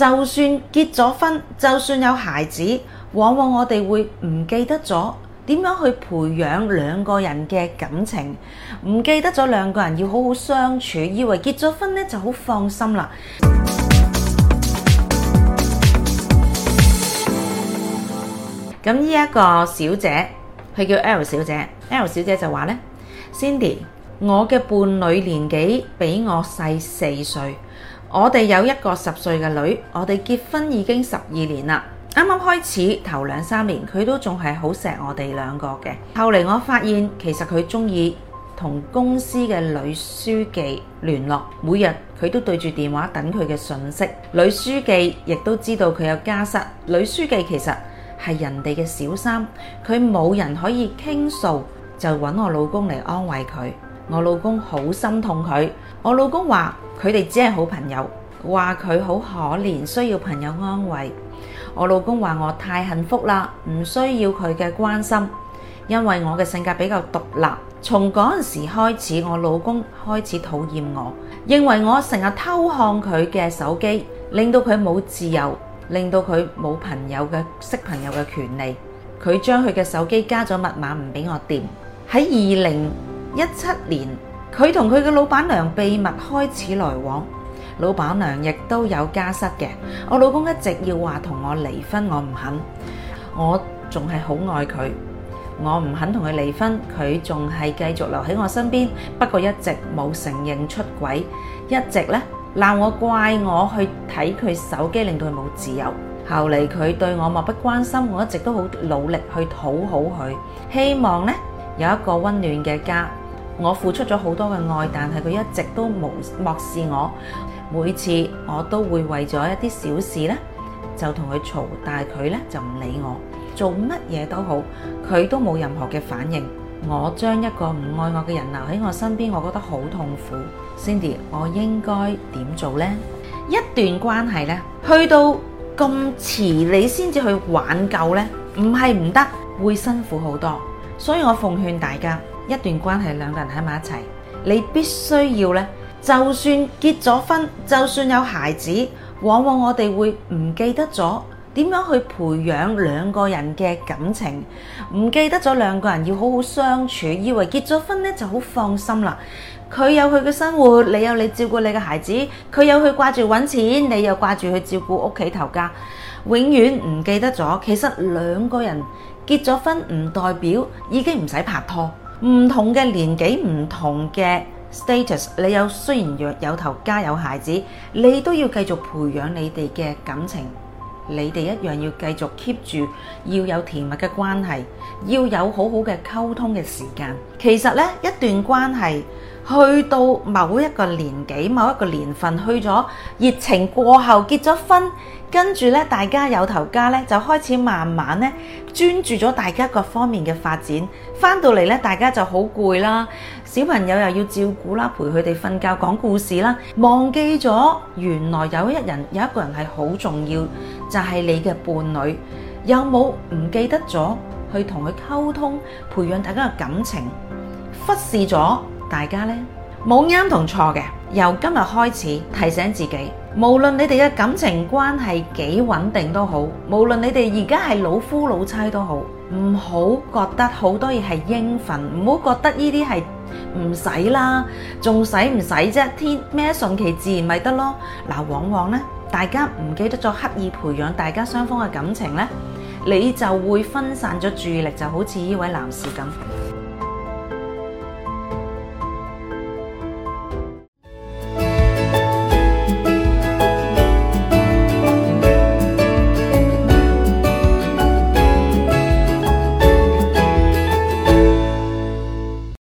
就算結咗婚，就算有孩子，往往我哋會唔記得咗點樣去培養兩個人嘅感情，唔記得咗兩個人要好好相處，以為結咗婚咧就好放心啦。咁呢一個小姐，佢叫 L 小姐 ，L 小姐就話呢，Cindy，我嘅伴侶年紀比我細四歲。我哋有一個十歲嘅女，我哋結婚已經十二年啦。啱啱開始頭兩三年，佢都仲係好錫我哋兩個嘅。後來我發現，其實佢鍾意同公司嘅女書記聯絡，每日佢都對住電話等佢嘅訊息。女書記亦都知道佢有家室，女書記其實係人哋嘅小三，佢冇人可以傾訴，就揾我老公嚟安慰佢。我老公好心痛佢，我老公話佢哋只係好朋友，話佢好可憐，需要朋友安慰。我老公話我太幸福啦，唔需要佢嘅關心，因為我嘅性格比較獨立。從嗰陣時開始，我老公開始討厭我，認為我成日偷看佢嘅手機，令到佢冇自由，令到佢冇朋友嘅識朋友嘅權利。佢將佢嘅手機加咗密碼，唔俾我掂。喺二零一七年，佢同佢嘅老闆娘秘密開始來往，老闆娘亦都有家室嘅。我老公一直要話同我離婚，我唔肯，我仲係好愛佢，我唔肯同佢離婚，佢仲係繼續留喺我身邊，不過一直冇承認出軌，一直呢鬧我怪我去睇佢手機，令到佢冇自由。後嚟佢對我漠不關心，我一直都好努力去討好佢，希望呢有一個溫暖嘅家。我付出咗好多嘅愛，但係佢一直都冇漠視我。每次我都會為咗一啲小事呢，就同佢嘈，但係佢呢就唔理我。做乜嘢都好，佢都冇任何嘅反應。我將一個唔愛我嘅人留喺我身邊，我覺得好痛苦。Cindy，我應該點做呢？一段關係呢，去到咁遲你先至去挽救呢？唔係唔得，會辛苦好多。所以我奉勸大家。一段關係，兩個人喺埋一齊，你必須要呢。就算結咗婚，就算有孩子，往往我哋會唔記得咗點樣去培養兩個人嘅感情，唔記得咗兩個人要好好相處，以為結咗婚呢就好放心啦。佢有佢嘅生活，你有你照顧你嘅孩子，佢有佢掛住揾錢，你又掛住去照顧屋企頭家，永遠唔記得咗。其實兩個人結咗婚唔代表已經唔使拍拖。唔同嘅年紀，唔同嘅 status，你有雖然若有頭家有孩子，你都要繼續培養你哋嘅感情，你哋一樣要繼續 keep 住，要有甜蜜嘅關係，要有好好嘅溝通嘅時間。其實呢一段關係。去到某一個年紀、某一個年份去，去咗熱情過後結咗婚，跟住咧大家有頭家咧就開始慢慢咧專注咗大家各方面嘅發展。翻到嚟咧，大家就好攰啦，小朋友又要照顧啦，陪佢哋瞓覺講故事啦，忘記咗原來有一人有一個人係好重要，就係你嘅伴侶，有冇唔記得咗去同佢溝通，培養大家嘅感情，忽視咗。大家呢，冇啱同錯嘅，由今日開始提醒自己，無論你哋嘅感情關係幾穩定都好，無論你哋而家係老夫老妻都好，唔好覺得好多嘢係應份，唔好覺得呢啲係唔使啦，仲使唔使啫？天咩順其自然咪得咯？嗱，往往呢，大家唔記得咗刻意培養大家雙方嘅感情呢，你就會分散咗注意力，就好似呢位男士咁。